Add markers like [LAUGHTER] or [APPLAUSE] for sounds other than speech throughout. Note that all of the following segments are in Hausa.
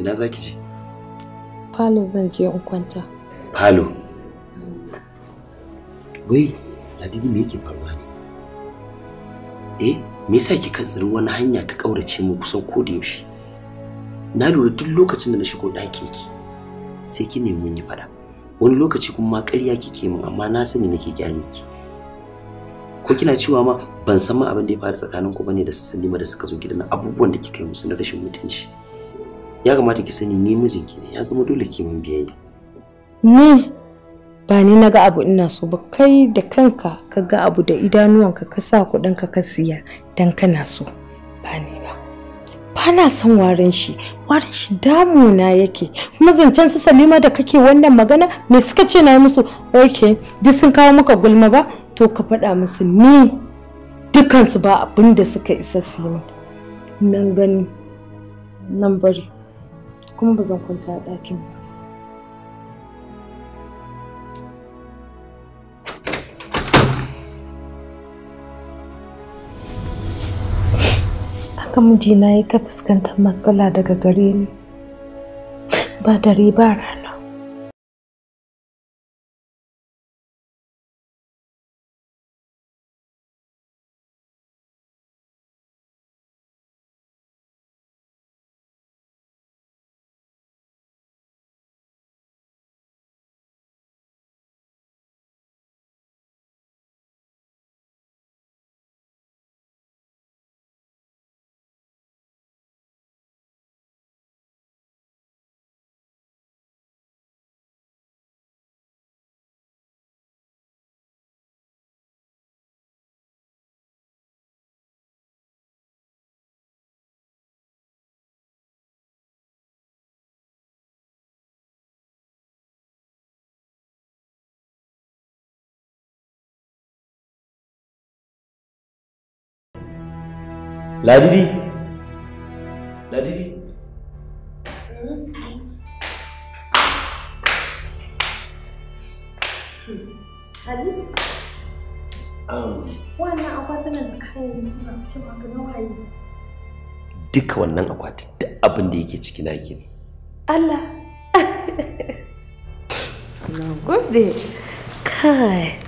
Ina za ki je? Falo zan je in kwanta. Falo? Wai, Ladidi me yake faruwa ne? Eh, me yasa kika tsiri wani hanya ta ƙaurace mu kusan ko da yaushe? Na lura duk lokacin da na shigo ɗakin ki sai ki nemi mun yi fada. Wani lokaci kuma ƙarya kike mun, amma na sani nake gyale ki. ko kina cewa ma ban san ma abin da ya faru tsakanin ku bane da Salima da suka zo gidan abubuwan da kika yi musu na rashin mutunci ya kamata ki sani ni mijinki ne ya zama dole ki min biyayya ni ba ni na ga abu ina so ba kai da kanka ka ga abu da idanuwanka ka sa kuɗin ka ka siya dan kana so ba ni ba ba na son warin shi warin shi damuna yake kuma zancen su salima da kake wannan magana me suka ce na musu oke duk sun kawo maka gulma ba to ka faɗa musu ni dukansu ba abin da suka isa su yi nan gani nan bari kuma ba zan kwanta a ɗakin ba haka mijina ya ta fuskantar matsala daga gare ni ba dare ba rana Ladidi? Ladidi? Um. Wannan akwatunan kayan masu kyau Duka wannan akwatin duk yake ciki na Allah! [LAUGHS] Na gode! Kai!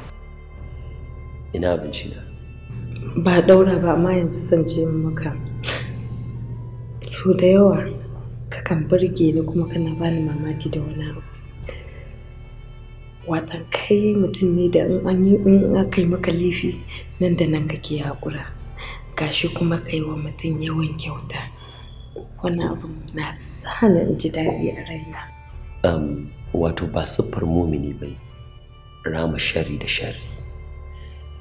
Ina abinci na. ba daura ba amma yanzu zan je maka so da yawa kakan burge ni kuma kana bani mamaki da wani abu watan kai mutum ne da in an yi in aka yi maka lifi nan da nan kake hakura gashi kuma kai wa mutum yawan kyauta wani abu na sa in ji daɗi a raina wato ba siffar mumini bai rama shari da shari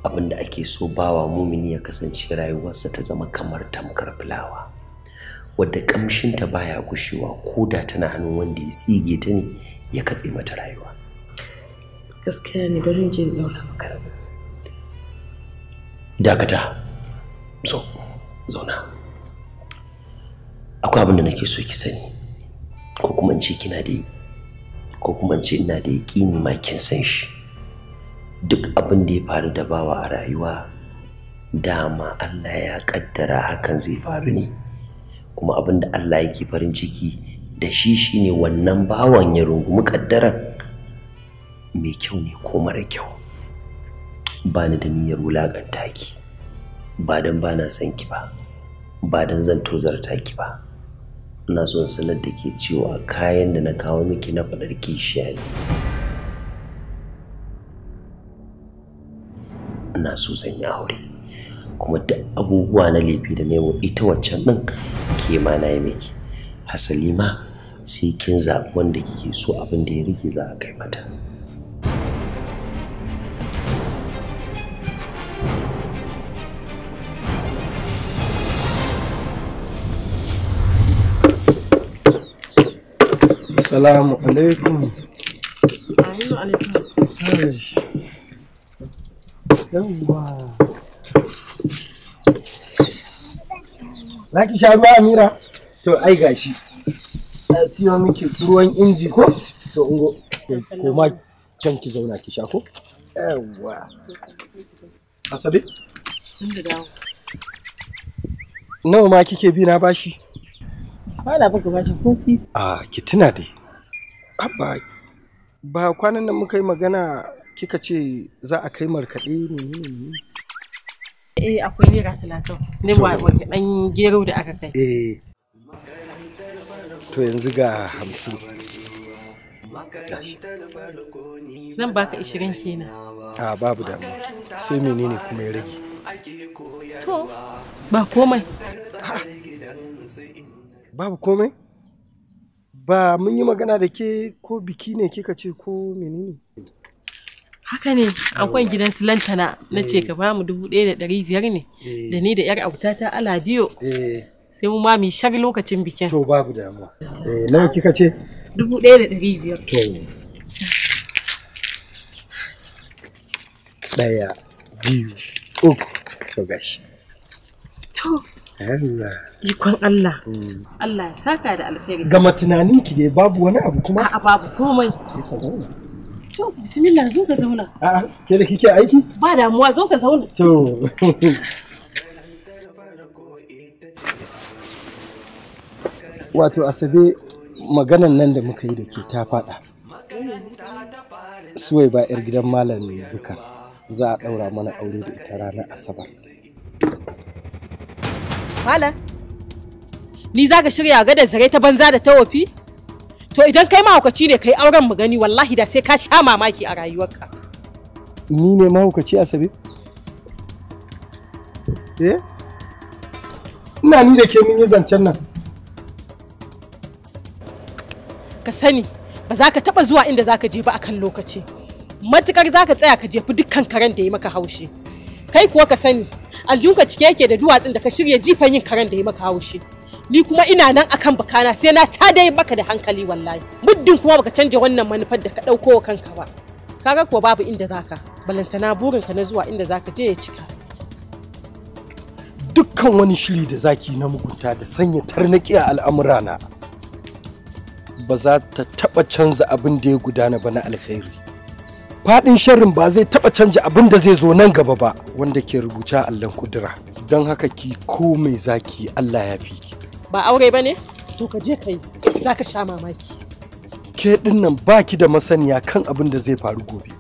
abin da ake so bawa mumini ya kasance rayuwarsa ta zama kamar tamkar fulawa wadda kamshinta baya gushewa ko da tana hannun wanda ya tsige ta ne ya katse mata rayuwa gaskiya ne barin jin daura maka dakata zo zauna akwai abin da nake so ki sani ko kuma in ce kina da ko kuma in ce ina da yaƙini ma kin san shi duk abin da ya faru da bawa a rayuwa dama Allah ya kaddara hakan zai faru ne kuma abin da Allah yake farin ciki da shi shine wannan bawan ya rungumi kaddaran mai kyau ne ko mara kyau ba ni da niyyar wulaganta ki ba don ba na son ki ba ba don zan tozarta ki ba ina son sanar da ke cewa kayan da na kawo miki na faɗar kishiya ne ina so zan yi aure kuma da abubuwa na laifi da nemo ita wancan ɗin ke ma na yi miki hasali ma sai kin zaɓi wanda kike so abin da ya rike za a kai mata Assalamu alaikum. alaikum. yawwa na ki sha ruwa amira to ai gashi na siyo miki ruwan inji ko to ungo ko ma can ki zauna ki sha ko yawwa asabe nawa ma kike bi na bashi ba baka bashi ko sisi a ah, ki tuna dai abba ba kwanan nan muka yi magana kika ce za a kai markaɗe ne eh akwai naira talatin ne wa ɗan gero da aka kai eh to yanzu ga hamsin zan baka ishirin kenan a babu damu sai menene kuma ya rage to ba komai babu komai ba mun yi magana da ke ko biki ne kika ce ko menene haka ne akwai gidan su lantana na ce eh. ka bamu dubu ɗaya da ɗari biyar ne eh. da ni da yar abuta ta aladiyo eh. sai mu ma mu shar lokacin bikin to babu damuwa eh nawa kika ce dubu ɗaya da ɗari biyar to ɗaya biyu uku to gashi to Allah. Ikon Allah. Mm. Allah ya saka da alheri. Gama tunaninki dai babu wani abu kuma? a babu komai. To, bismillah zo ka zauna. A'a, ke da kike aiki? Ba damuwa zo ka zauna. To. Wato Asabe maganan nan da muka yi da ke ta faɗa. Suwai ba 'yar gidan malam mai duka za a ɗaura mana aure da ita ranar Asabar. Malam, ni za ka shirya ga da zare ta banza da tawafi. to idan kai mahaukaci ne kai auren mu gani wallahi da sai ka sha mamaki a rayuwarka ni ne mahaukaci asabe eh ina ni da ke mun yi zancen nan ka sani ba za ka taba zuwa inda za ka je ba akan lokaci matukar za ka tsaya ka jefi dukkan karen da ya maka haushi kai kuwa ka sani aljunka cike yake da duwatsun da ka shirya jifan yin karen da ya maka haushi ni kuma ina nan akan bakana sai na ta dai baka da hankali wallahi muddin kuma baka canja wannan manufar da ka ɗauko wa kanka ba kaga kuwa babu inda zaka balantana ka na zuwa inda zaka je ya cika dukkan wani shiri da zaki na mugunta da sanya tarnaki a al'amurana ba za ta taba canza abin da ya gudana ba na alkhairi faɗin sharrin ba zai taba canja abin da zai zo nan gaba ba wanda ke rubuta allon kudura don haka ki ko mai zaki allah ya fi ki ba aure ba ne to ka je ka yi za ka sha mamaki ke nan ba ki da masaniya kan abin da zai faru gobe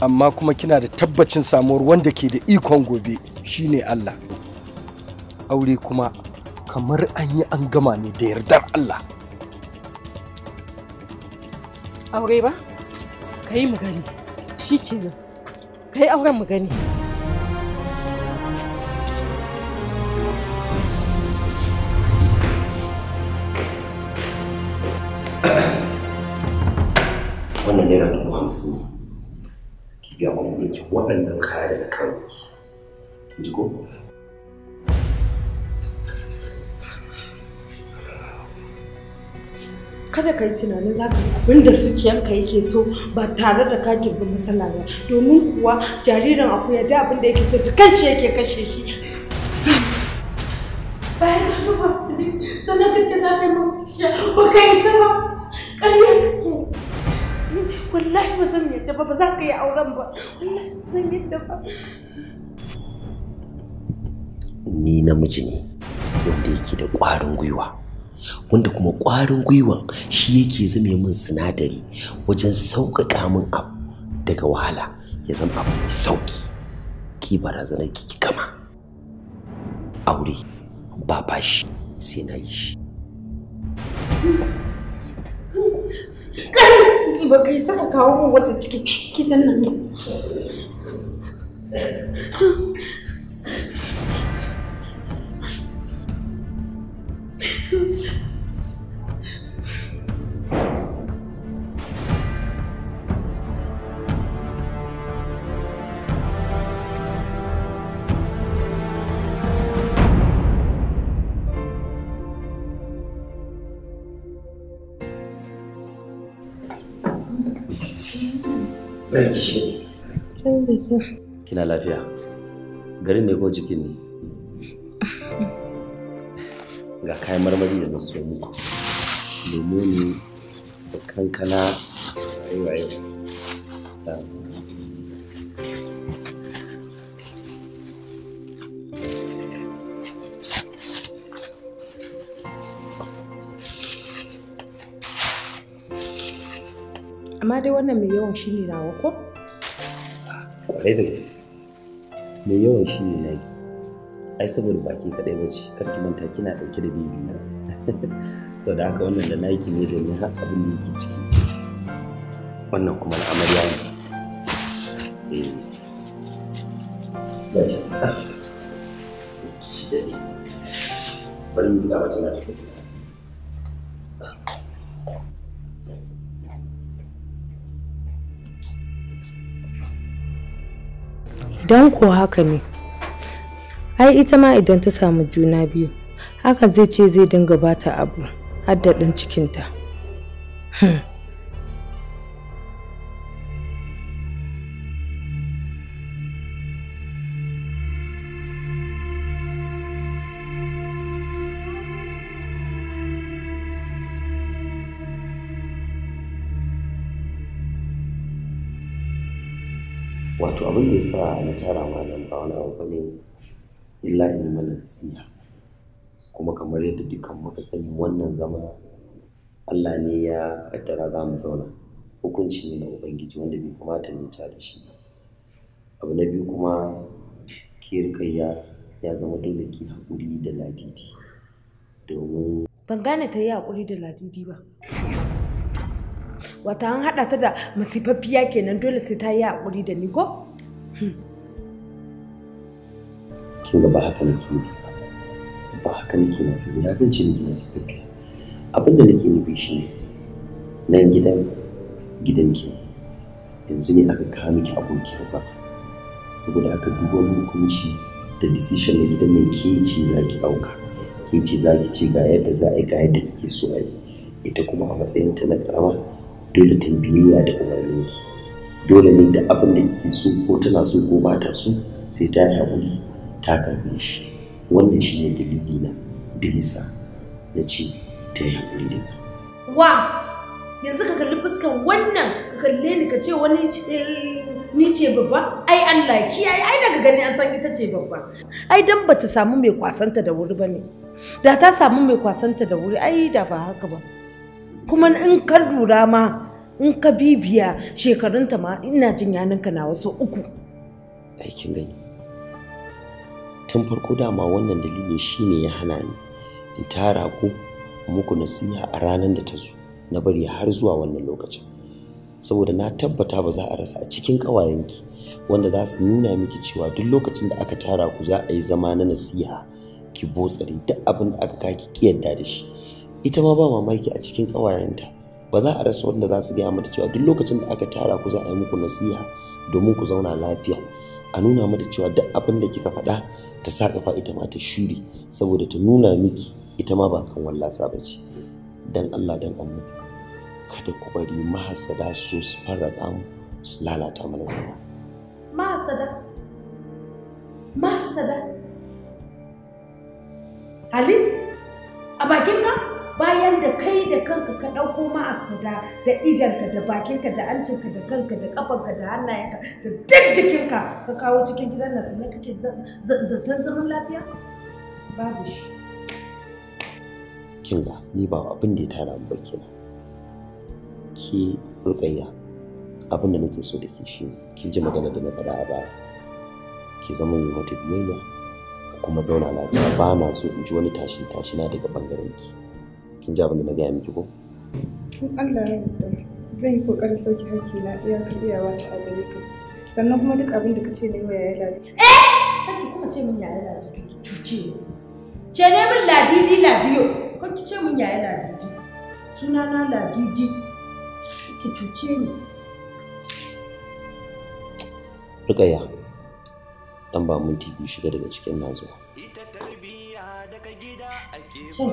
amma kuma kina da tabbacin samuwar wanda ke da ikon gobe shine Allah aure kuma kamar an yi an gama ne da yardar Allah aure ba ka yi magani shi kenan ka yi auren magani sama naira dubu hamsin ne ki biya kuɗin ki waɗannan kaya daga na kawo ki ji ko kada ka yi tunanin za ka abin da zuciyarka yake so ba tare da ka girbi matsala ba domin kuwa jaririn aku ya da abin da yake so da kanshi yake kashe shi bayan ka duba sanar da ce za ka yi mafi ba ka yi sama ƙarya wallahi ba zan yadda ba ba za ka auren ba ni namiji ne wanda yake da ƙwarin gwiwa wanda kuma ƙwarin gwiwan shi yake zame min sinadari wajen sauƙaƙa min abu daga wahala ya zama abu mai sauƙi ki barazana ki kama aure ba shi sai na yi shi ba kai saka kawo min wata ciki kitan nan Kina lafiya? Garin ne ko jikin ne? Ga kayan marmari da muku Lemu ne da kankana wayo-wayo. amma dai wannan mai yawan shi ne nawa ko? Kwarai da gaske. Mai yawan shi ne naki. Ai saboda baki kaɗai bace kar ki manta kina ɗauke da bibi na. [LAUGHS] Sau da haka wannan da naki ne da ni har abin da yake ciki. Wannan kuma na amarya ne. Eh. Gashi. Ah. Bari mu buga wata na tafi. idan ko haka ne ai ita ma idan ta samu juna biyu haka zai ce zai dinga bata abu haddadin cikinta hmm. wato abin da ya sa na tara ma nan ba wani abu bane illa in mana nasiha kuma kamar yadda dukkan muka sani wannan zama Allah ne ya kaddara za mu zauna hukunci ne na ubangiji wanda bai kamata mu ta da shi abu na biyu kuma ke ya zama dole ki haƙuri da ladidi domin ban gane ta yi hakuri da ladidi ba wata an haɗa ta da masifaffiya kenan dole sai ta yi hakuri da ni ko? kin ga ba haka nake ba ba haka nake nufi ya ne miki na sifirka abin da nake nufi shi ne nan gidan gidanki yanzu ne aka kawo miki abokiyarsa saboda aka duk wani hukunci da decision na gidan nan ke ce za ki ɗauka ke ce za ki ce ga yadda za a yi ga yadda kike so a yi ita kuma a matsayinta na karama dole ta biyayya da umarninki dole ne da abin da ke so ko tana so ko ba ta so sai ta yi haƙuri ta karbe shi wannan shi ne dalili na da nisa na ce ta yi haƙuri da wa yanzu ka kalli fuskan wannan ka kalli ni ka ce wani eh, ni ce babba ai Allah kiyaye ai daga gani an san ita ce babba ai dan bata samu mai kwasanta da wuri bane da ta samu mai kwasanta da wuri ai da ba haka ba kuma in ka lura ma in ka bibiya shekarunta ma ina jin yaninka na wasu uku aikin gani tun farko dama wannan dalilin shine ya hana ni in tara ku muku nasiha a ranar da ta zo na bari har zuwa wannan lokacin saboda na tabbata ba za a rasa a cikin ƙawayenki wanda za su nuna miki cewa duk lokacin da aka tara ku za a yi zama na nasiha ki botsare duk abin da aka kaki ki yarda da shi ita ma ba mamaki a cikin ƙawayenta ba za a rasa wanda za su gaya mata cewa duk lokacin da aka tara ku za a yi muku nasiha domin ku zauna lafiya a nuna mata cewa duk abin da kika faɗa ta sa kafa ita ma ta shuri saboda ta nuna miki ita ma ba kan wallasa ba ce dan Allah dan Allah kada ku bari mahasada su zo su farraga mu su lalata mana zama mahasada mahasada Ali, a bakin ka bayan da kai da kanka ka ɗauko ma'asada da idanka da bakinka da ancinka da kanka da kafanka da hannayenka da duk jikinka ka kawo cikin gidan nan sannan kake zaton zaman lafiya babu shi kinga ni ba abin da ya tara mu ba kenan ki rukayya abin da nake so da ke shi kin ji magana da na faɗa a baya ki zama mai mata biyayya kuma zauna lafiya ba na so in ji wani tashin tashina daga bangaren ki kin ji abin da na gaya miki ko in Allah ya yarda zan yi kokarin sauki hakki na iyakar iyawa ta a gare ka sannan kuma duk abin da ka ce ne wa yaya ladi eh Kanki kuma ce min yaya ladi ki cuce ce ne min ladidi ladiyo Kanki ce min yaya ladidi suna na ladidi ki cuce ni Rukaya, Dan ba minti biyu shiga daga cikin nazo. Can,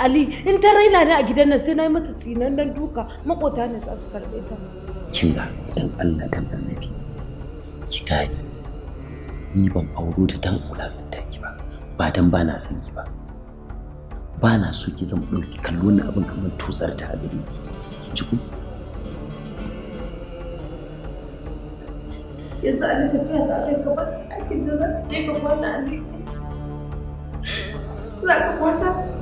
Ali in ta raina ni a gidan nan sai na yi mata nan duka makota ne za su karɓe ta. Kin dan Allah dan annabi ki gane ni ban auro ta dan da ki ba ba dan ba na son ki ba ba na so ki zama ɗauki kallo wani abin kamar tusar ta a gare ki kin ji ku. Yanzu an tafiya da aka kamar aikin da za ka je ka kwana a ne. Za ka kwana.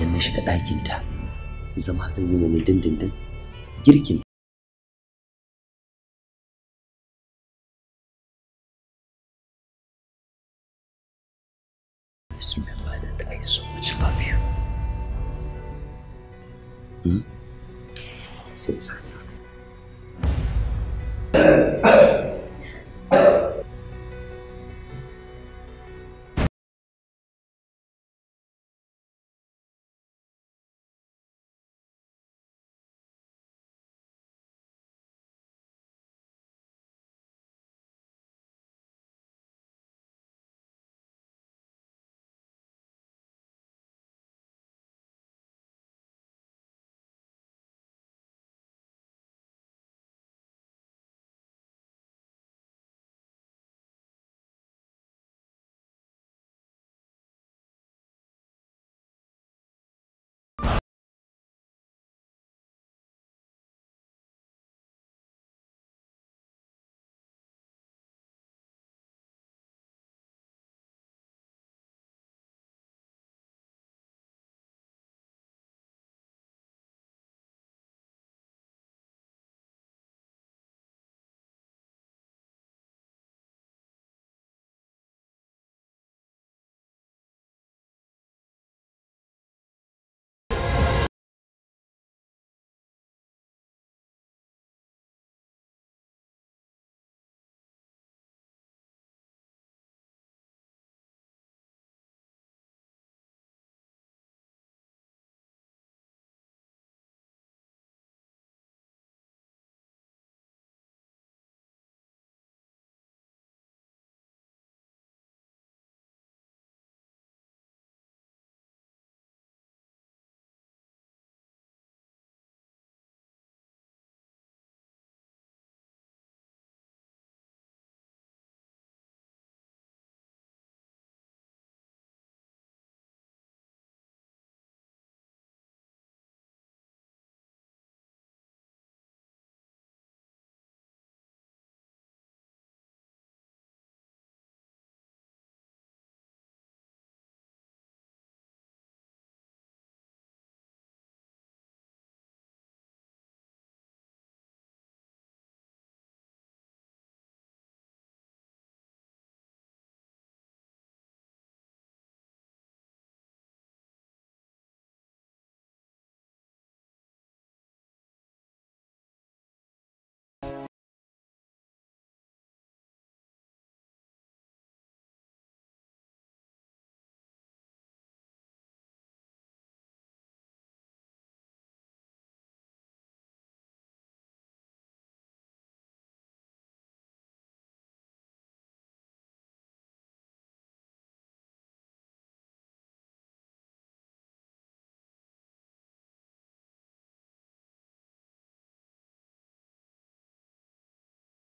idan na shiga ɗakinta zama zan yi na dindindin girkin Just remember that I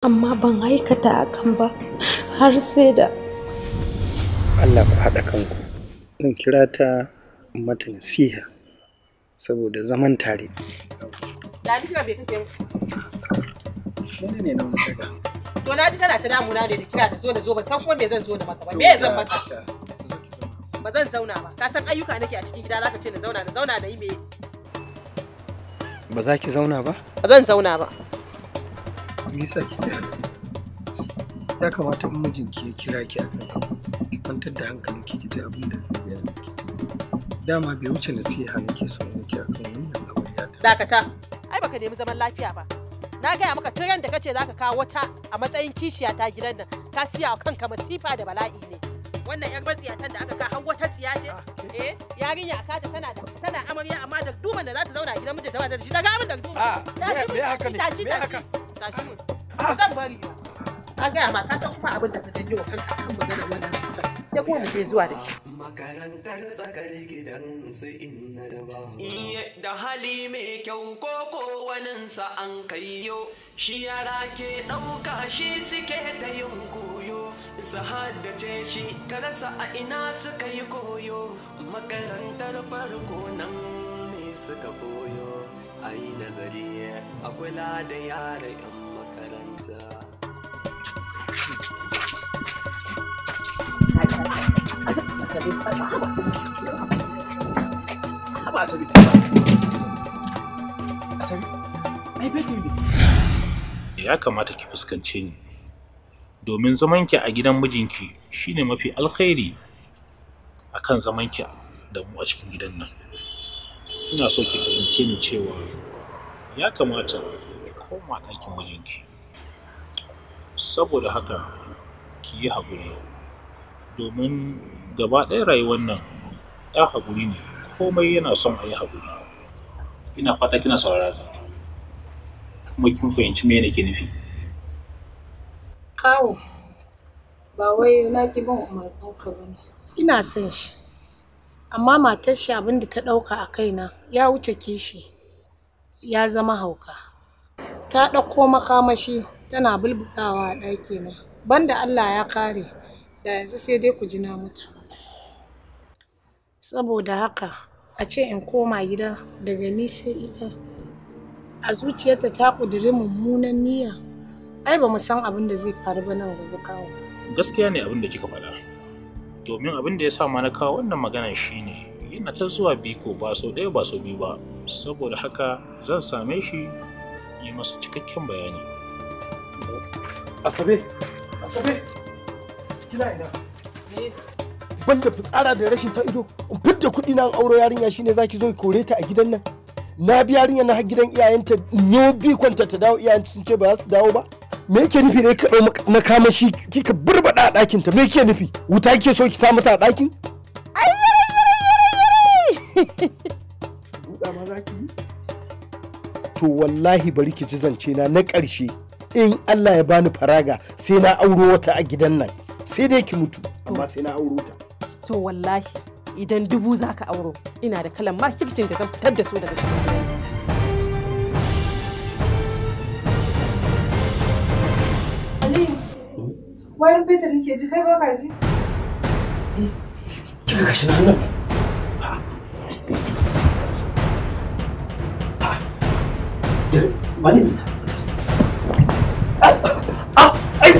amma ban aikata hakan ba har sai da Allah ku haɗa kanku zan kira ta mata nasiha saboda zaman tare lafiya bai kake mu ne na mutaka to na ji tana ta damuna ne da kira ta zo da zo ba san ko me zan zo da masa, ba me zan masa. ba zan zauna ba ka san ayyuka nake a cikin gida zaka ce na zauna na zauna da yi me ba za ki zauna ba ba zan zauna ba me yasa kike ya kamata in mijinki ya kira ki a kan ki kwantar da hankalinki ki ji abin da zai yi dama bai wuce nasiha nake so nake a kan wannan amarya ta dakata ai baka nemi zaman lafiya ba na gaya maka tun da kace zaka kawo wata a matsayin kishiya ta gidan nan ka siya wa kanka masifa da bala'i ne wannan yar matsiyatan da aka ka har wata tsiya ce ah, eh yarinya a kata tana tana amarya amma da duman da za ta zauna a gidan mijinta ba da shi daga abin da duman ah, ta shi ta shi zan bari san kuma abin wa wannan kuma zuwa makarantar tsakar gidan su inna da ba da hali mai kyau ko ko waninsa an kaiyo shi yara ke ɗauka shi suke ta yin koyo su haddace shi ka rasa a ina suka yi koyo makarantar farko nan ne suka koyo ayi nazari a kula da yara 'yan makaranta ya kamata ki fuskance ni domin zamanki a gidan mijinki shine mafi alkhairi akan zamanki da mu a cikin gidan nan ina so ki fahimce ni cewa ya kamata ki koma ɗakin mijinki saboda haka ki yi haƙuri domin gaba ɗaya rayuwar nan ya haƙuri ne komai yana son a yi haƙuri ina fata kina saurara kuma kin fahimci me nake nufi kawo ba wai na ki ban umarninka ba ne ina son shi amma matar shi abin da ta ɗauka a kaina ya wuce kishi ya zama hauka ta ɗauko makamashi tana bulbuɗawa a ɗaki na banda allah ya kare da yanzu sai dai ku ji na mutu saboda haka a ce in koma gida daga ni sai ita a zuciyarta ta ƙudiri mummunan niyya ai ba mu san abin da zai faru ba nan gobe kawo gaskiya ne abin da kika faɗa domin abin da ya sa ma na kawo wannan magana shine ina ta zuwa biko ba sau ɗaya ba sau biyu ba saboda haka zan same shi yi masa cikakken bayani asabe asabe kina ina banda fitsara da rashin ta ido in fidda kuɗi na auro yarinya shine zaki zo ki kore ta a gidan nan na bi yarinya na gidan iyayenta no bi kwanta ta dawo iyayenta sun ce ba za su dawo ba me yake nufi da ya kaɗo makamashi kika burbada a ɗakinta me yake nufi wuta ke so ki ta mata a ɗakin To wallahi bari ki ji zance na na ƙarshe in Allah ya bani faraga sai na auro wata a gidan nan sai dai ki mutu amma sai na auro ta. To wallahi idan dubu za ka auro ina da kalan ma kicin da zan fitar da su daga cikin Wayar bitar nake ji kai ba ka ji? Kika kashi na nan ba. bari ah, ah! ai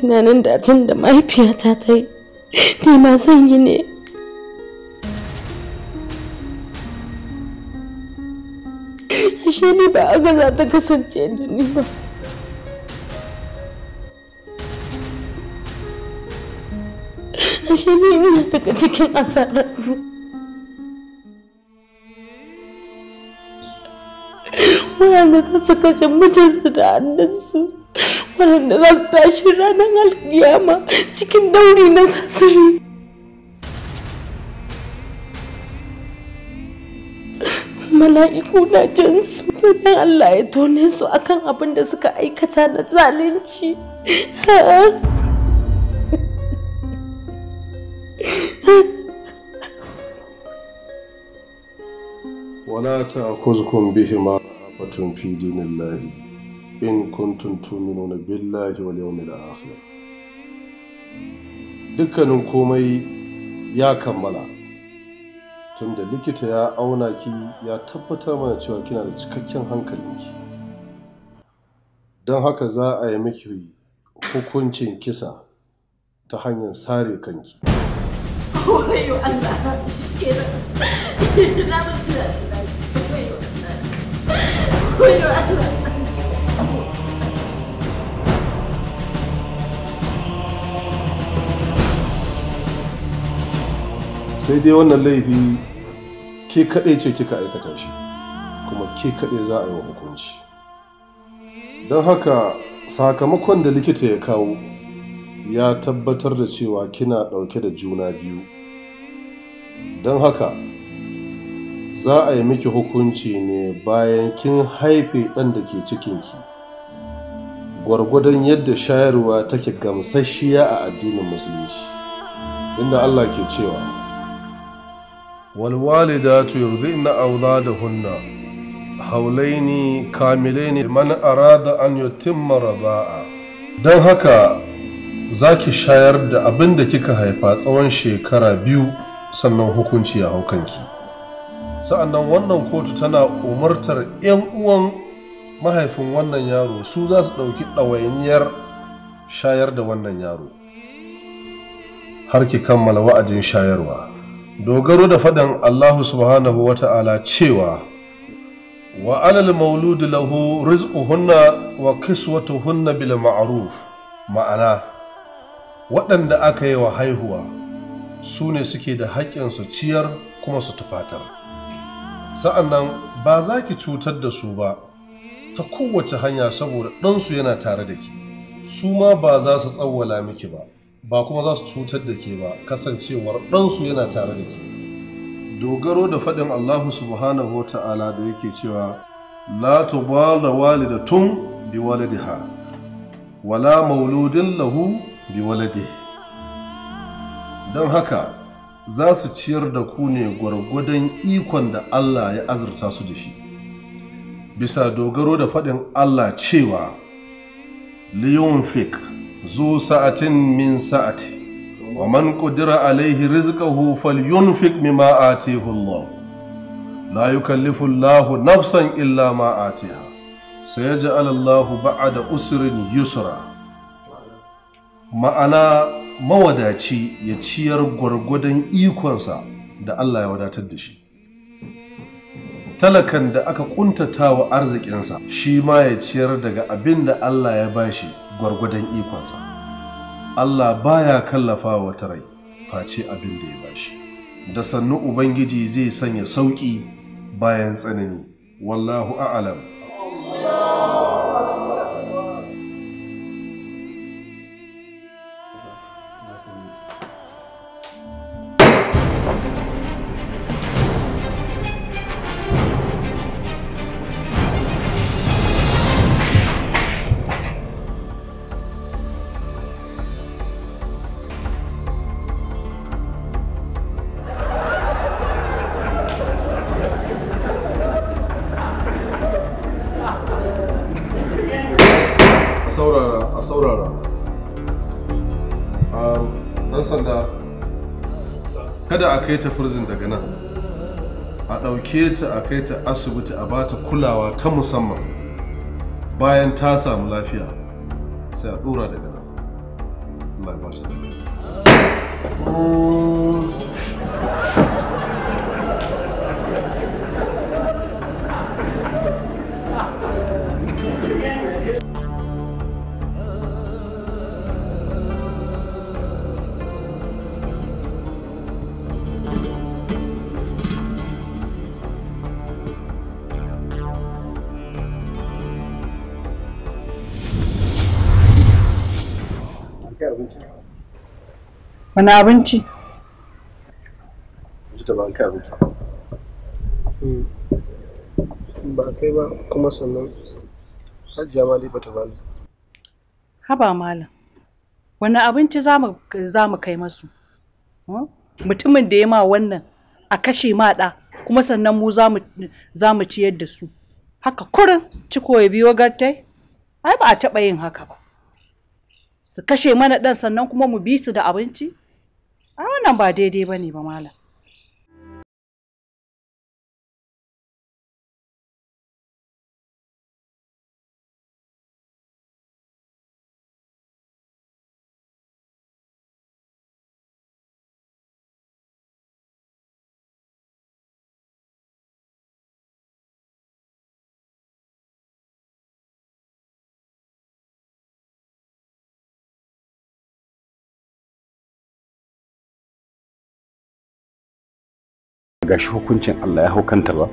tunanin da tun da mahaifiyata ta yi ni ma zan yi ne ashe ni ba aka za ta kasance da ni ba ashe ni ina daga cikin asararru na ta suka kashe mijinsu da annansu waɗanda za su tashi ranar alkiyama cikin dauri na sasiri mala'iku na jan su sannan Allah ya tone su akan abin da suka aikata na zalunci ولا تأخذكم بهما رأفة في دين الله in kuntum tuminuna billahi wal da akhir dukkanin komai ya kammala tunda likita ya auna ki ya tabbatar mana cewa kina da cikakken ki. don haka za a yi miki hukuncin kisa ta hanyar sare kanki na Allah sai dai wannan laifi ke kaɗai ce kika aikata shi kuma ke kaɗai za a yi wa hukunci don haka sakamakon da likita ya kawo ya tabbatar da cewa kina ɗauke da juna biyu don haka za a yi miki hukunci ne bayan kin haife ɗan da ke cikinki gwargwadon yadda shayarwa take gamsasshiya a addinin musulunci inda allah ke cewa والوالدات يرضئن أولادهن حولين كاملين من أراد أن يتم رضاء don haka za ki shayar da abin da kika haifa tsawon shekara biyu sannan hukunci a haukanki sa'annan wannan kotu tana umartar 'yan uwan mahaifin wannan yaro su za su ɗauki ɗawainiyar shayar da wannan yaro har ki kammala wa'adin shayarwa dogaro da faɗin allahu subhanahu wa ta'ala cewa wa alal mauludu lahu rizquhunna wa kiswatuhunna bil ma'ruf ma'ana waɗanda aka yi wa haihuwa su ne suke da haƙƙin su ciyar kuma su tufatar sa'annan ba za ki cutar da su ba ta kowace hanya saboda ɗansu yana tare da ki su ma ba za su tsawwala miki ba ba kuma za su cutar da ke ba kasancewar ɗansu yana tare da ke dogaro da faɗin allahu subhanahu wa ta'ala da yake cewa la walida tun bi waladiha wala mauludin lahu bi waladihi don haka za su ciyar da ku ne gwargwadon ikon da allah ya azurta su da shi bisa dogaro da faɗin allah cewa liyun fake zu sa'atin min sa'ati wa man qudira alaihi rizqahu falyunfiq mimma atihi Allah la yukallifu Allah nafsan illa ma atiha sayaj'al Allah da usrin yusra ma'ana mawadaci ya ciyar gwargwadon ikonsa da Allah ya wadatar da shi talakan da aka kuntatawa arzikinsa shi ma ya ciyar daga abin da Allah ya bashi gwargwadon ikonsa Allah baya kallafa wata rai face abin da ya shi. da sannu ubangiji zai sanya sauƙi bayan tsanani wallahu a'lam kai ta furzin daga nan a ɗauke ta a kai ta asibiti a bata kulawa ta musamman bayan ta samu lafiya sai a ɗora daga wani abinci ba hmm. kai ba kuma sannan hajiya ma bata bani haba malam wani abinci za mu kai masu hmm? mutumin da ya ma wannan a kashe ma da kuma sannan mu za mu ciyar da su haka kurin ciko ya biyo gartai ai ba a taɓa yin haka ba su kashe mana ɗan sannan kuma mu bi su da abinci a wannan ba daidai ba ne ba malam gashi hukuncin Allah ya hau kanta ba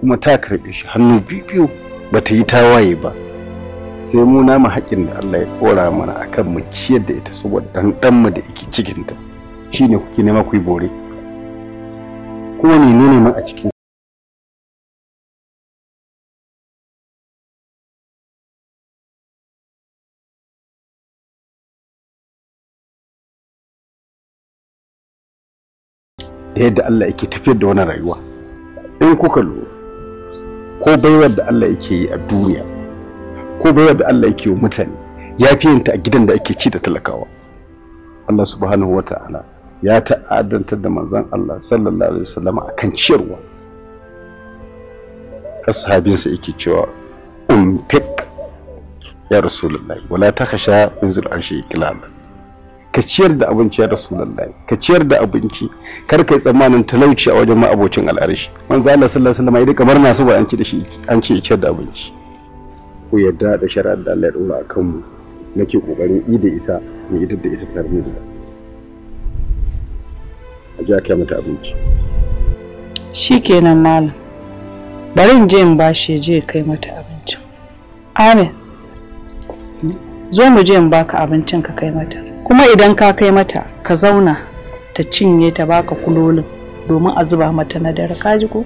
kuma ta karɓe shi hannu biyu ba ta yi tawaye ba sai mu nama haƙin da Allah ya kora mana akan mu ciyar da ita saboda dan dan mu da yake cikin ta shine kuke nema ku yi bore kuma ne ne ma a cikin da yadda Allah yake tafiyar da wani rayuwa in kuka lura ko baiwar da Allah yake yi a duniya ko baiwar da Allah yake yi mutane ya fi yin a gidan da ake ci da talakawa Allah subhanahu wa ta'ala ya ta'adantar da manzon Allah sallallahu alaihi wasallam akan ciyarwa ashabinsa yake cewa umfik ya rasulullahi wala takhsha min zul arshi kilala ka ciyar da abinci ya rasu lallai, ka ciyar da abinci kar yi tsammanin talauci a wajen ma'abocin al'arshi manzo Allah sallallahu alaihi wasallam ya rika barna saboda an ci da shi an ci ciyar da abinci ku yarda da shari'ar da Allah ya dora a kanmu nake kokarin yi da ita mu yi da ita tare da a ji aka mata abinci shikenan malam bari in je in bashi je kai mata abinci amin zo mu je in baka abincin ka kai mata kuma idan ka kai mata ka zauna ta cinye ta baka kulolin domin a zuba mata na dare ka ji ko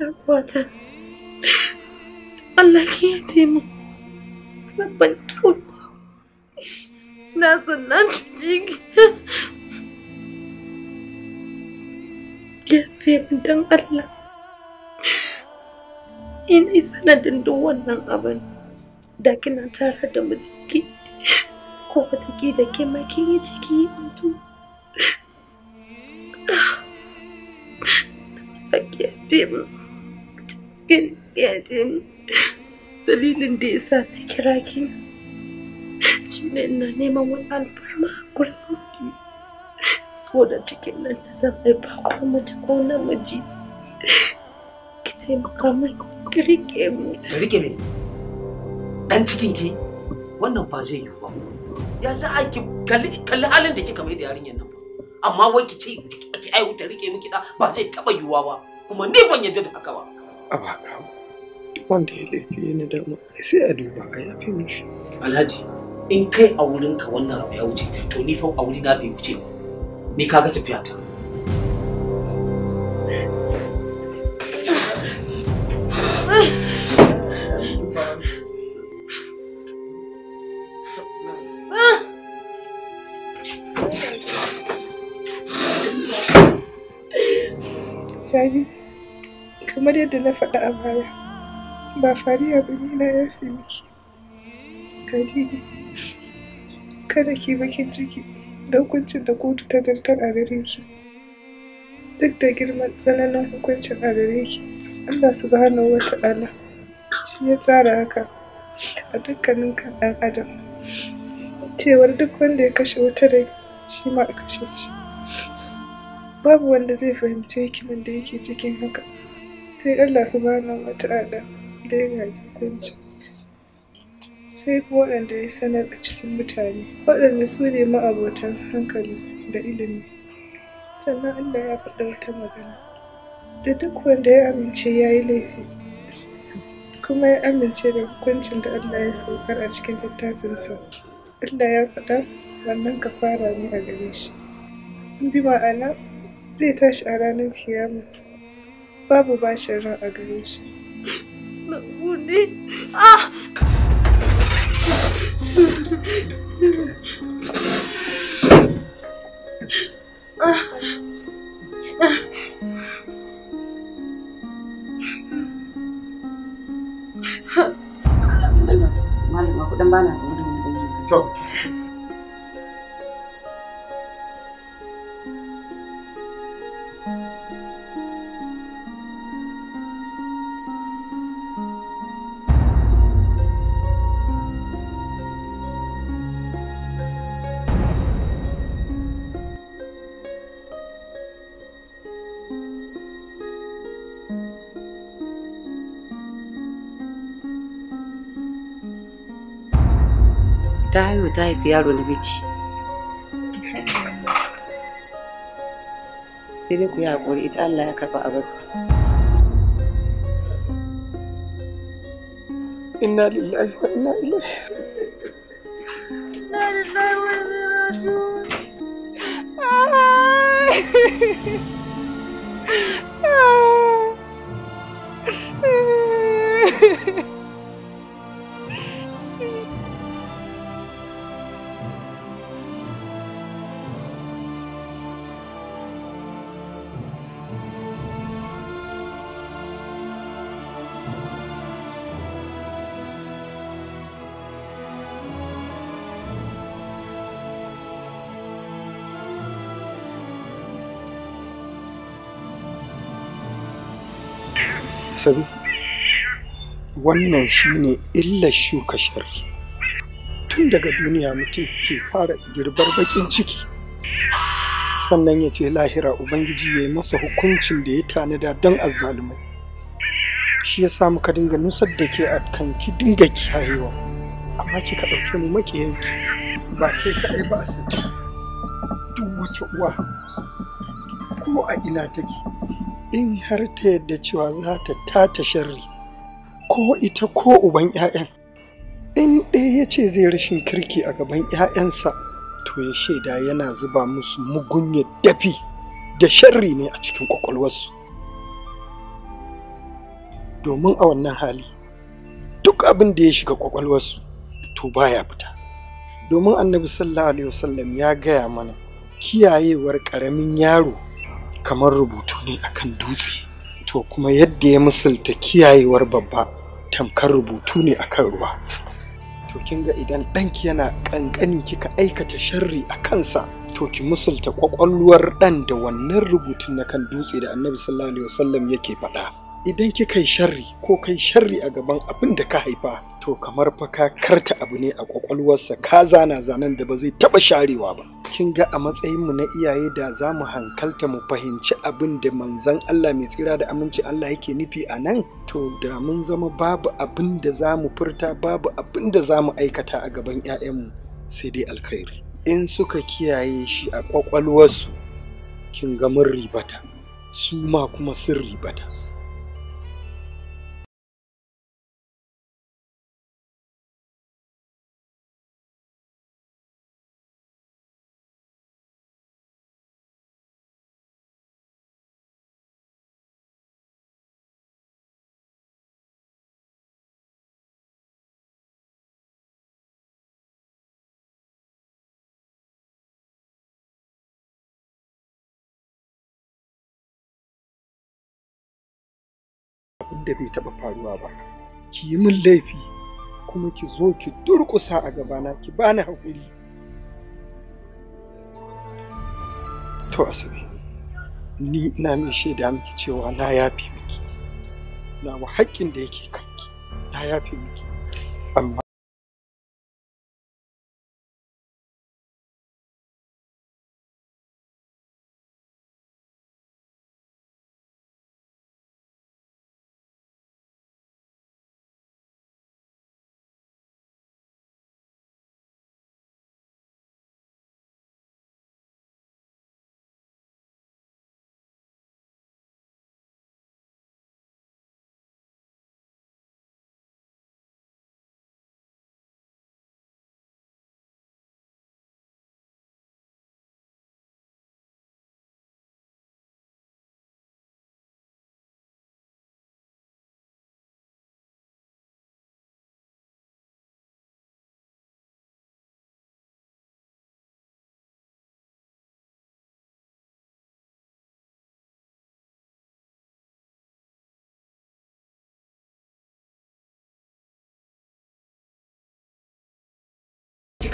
Yarwata, Allah ki yafe mu, sabon Na sannan Yafe mu don Allah. In wannan abin da kina tare da mijinki ko wata ki da ke ma yi ciki mutum. Thank ah. you. kin yaɗe ni dalilin da ya sa na kira ki shi ne ina neman wani alfarma a gurin ki saboda cikin nan da zan haifa ko mace ko namiji ki taimaka mai ki rike mu ki rike ne dan cikin ki wannan ba zai yi ba ya za a ki kalli halin da kika mai da yarinyar nan amma wai ki ce ki aiwata rike miki da ba zai taba yiwuwa ba kuma ni ban yarda da haka ba a ba duk wanda ya laifi yana dama sai a duba a yafi mishi alhaji in kai a wurinka wannan abu ya wuce to ni fa a na bai wuce ni kaga tafiya ta kamar yadda na faɗa a baya ba fariya ba ne na yafe miki kadidi kada ki bakin ciki da hukuncin da kotu ta zartar a gare ki duk da girman tsananin hukuncin a gare ki allah subhanahu wa ta'ala shi ya tsara haka a dukkanin kan ɗan adam cewar duk wanda ya kashe wata rai shi ma a kashe shi babu wanda zai fahimce ki da yake cikin haka sai Allah subhanahu wa ta'ala daina hukunci sai kuma waɗanda ya sanar a cikin mutane waɗanda su ne ma'abotan hankali da ilimi sannan Allah ya faɗa wata magana da duk wanda ya amince ya yi laifi kuma ya amince da hukuncin da Allah ya saukar a cikin littafinsa Allah ya faɗa wannan fara ne a gare shi bi ma'ana zai tashi a ranar kiyama babu bashin ran a gare shi ah! Ah! malama kudan bana da ta haifi yaro bici sai dai ku yi haƙuri ita Allah ya karɓa a basa inna lillahi wa inna ilaihi inna [LAUGHS] sani wannan shine illar shuka sharri tun daga duniya mutum ke fara girbar bakin ciki sannan ya ce lahira ubangiji ya yi masa hukuncin da ya tanada don azzalumai shi ya samu ka dinga nusar da ke a kan ki dinga kiyayewa amma ka ɗauke mu maƙiyanki ba ke kaɗai ba a duk wace uwa ko a ina take in har ta yadda cewa za ta tata sharri ko ita ko uban 'ya'yan in ɗaya ya ce zai rashin kirki a gaban 'ya'yansa to ya shaida yana zuba musu mugun dafi da sharri ne a cikin kwakwalwarsu domin a wannan hali duk abin da ya shiga kwakwalwarsu to baya fita domin annabi sallallahu alaihi wasallam ya gaya mana kiyayewar ƙaramin yaro kamar rubutu ne akan dutse to kuma yadda ya musulta kiyayewar babba tamkar rubutu ne akan ruwa to kin ga idan ɗanki yana ƙanƙani kika aikata sharri a kansa to ki musulta ƙwaƙwalwar ɗan da wannan rubutun na kan dutse da annabi sallallahu alaihi wasallam yake faɗa idan kika yi sharri ko kai sharri a gaban abin da ka haifa to kamar fa ka karta abu ne a kwakwalwarsa ka zana zanen da ba zai taba sharewa ba kin ga a matsayin mu na iyaye da za mu hankalta mu fahimci abin da manzon Allah mai tsira da aminci Allah yake nufi a nan to da mun zama babu abin da za mu furta babu abin da za mu aikata a gaban 'ya'yanmu sai dai alkhairi in suka kiyaye shi a kwakwalwarsu kin ga mun ribata su ma kuma sun ribata da bai taɓa faruwa ba ki yi min laifi kuma ki zo ki durƙusa a gabana ki bani haƙuri to asabe ni na mai shaida miki cewa na yafi miki na wa haƙƙin da yake kanki na yafi miki amma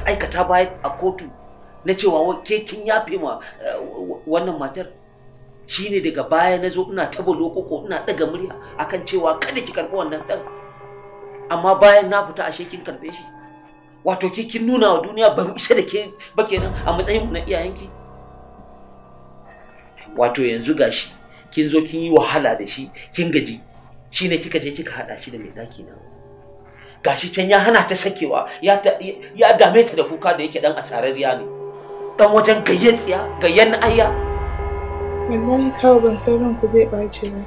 aikata baya a kotu na cewa ke kin yafe ma eh, wannan matar shine daga baya na zo ina taba lokoko ina daga murya akan cewa kada ki karbi wannan dan amma bayan na fita ashe kin karbe shi wato ke kin nuna wa duniya ban isa da ke ba kenan a matsayin na iyayenki wato yanzu gashi kin zo kin yi wahala da shi kin gaji shine kika je kika hada shi da mai daki na gashi can ya hana ta sakewa ya dame ta da kuka da yake dan asarariya ne dan wajen gayyatsiya gayyan gayyen ayya wallahi kawo ban sauran ku zai ɓace ba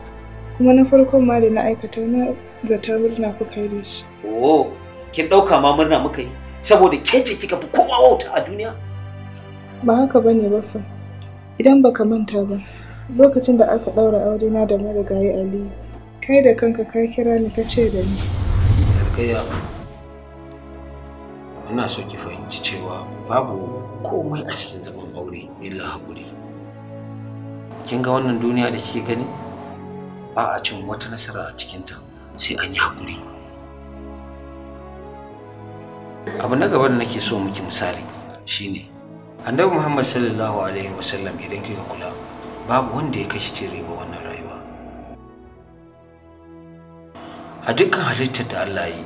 kuma na farkon ma da na aikata na zata murna ku kai da shi oh kin ɗauka ma murna muka yi saboda ke ce kika fi kowa wauta a duniya ba haka bane ba fa idan baka manta ba lokacin da aka ɗaura aure na da marigayi aliyu kai da kanka ka kira ni ka ce da ni Rukayya ina so ki fahimci cewa babu komai a cikin zaman aure illa haƙuri. Kin ga wannan duniya da kike gani ba a cin wata nasara a cikinta sai an yi haƙuri. Abu na gaba da nake so miki misali shine Annabi Muhammad sallallahu alaihi wasallam idan kika kula babu wanda ya kashi cin ba wannan a dukkan halittar da Allah yi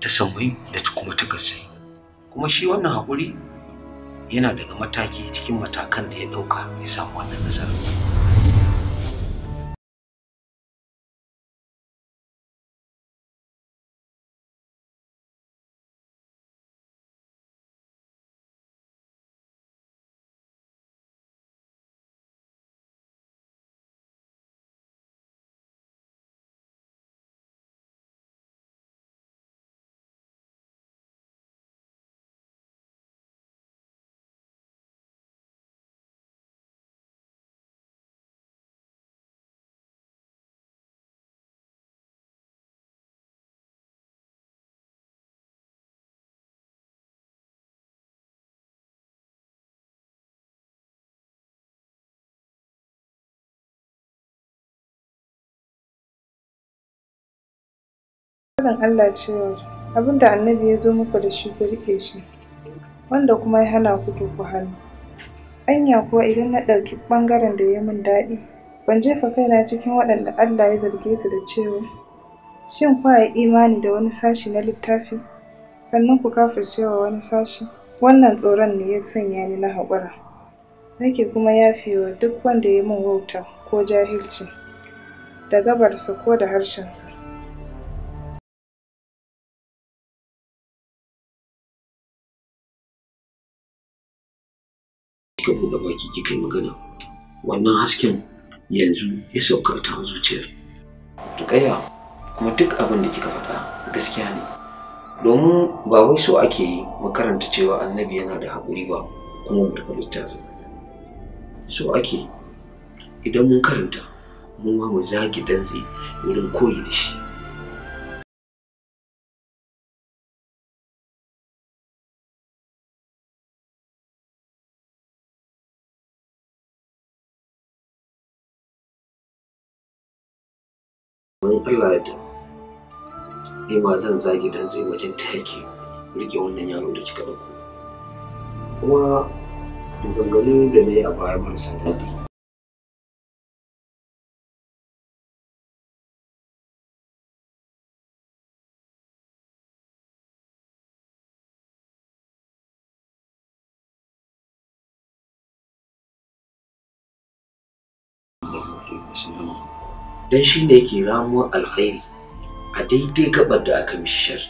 ta sauyi da kuma ta gasai kuma shi wannan haƙuri yana daga mataki cikin matakan da ya ɗauka ya samu wannan nasarar faɗin Allah cewa abin da annabi ya zo muku da shi ku riƙe shi wanda kuma ya hana ku to ku hannu anya kuwa idan na ɗauki ɓangaren da ya min daɗi ban jefa kaina cikin waɗanda Allah ya zarge su da cewa shin kwa yi imani da wani sashi na littafi sannan ku kafircewa wani sashi wannan tsoron ne ya sanya ni na haƙura nake kuma yafewa duk wanda ya min wauta ko jahilci da gabarsa ko da harshensa kika buɗe baki ki yi magana wannan hasken yanzu ya sauka a ta zuciyar tuƙayya kuma duk abin da kika faɗa gaskiya ne domin ba wai so ake yi mu karanta cewa annabi yana da haƙuri ba kuma mu taɓa littafi so ake idan mun karanta mu ma mu zagi dantse wurin koyi da shi in Allah ya ta ni ma zan zage dan tsaye wajen take rike wannan yaro da kika dauko kuma dogangane da ne a baya marasa daɗi don shi ne yake ramuwar alkhairi a daidai gabar da aka mishi shari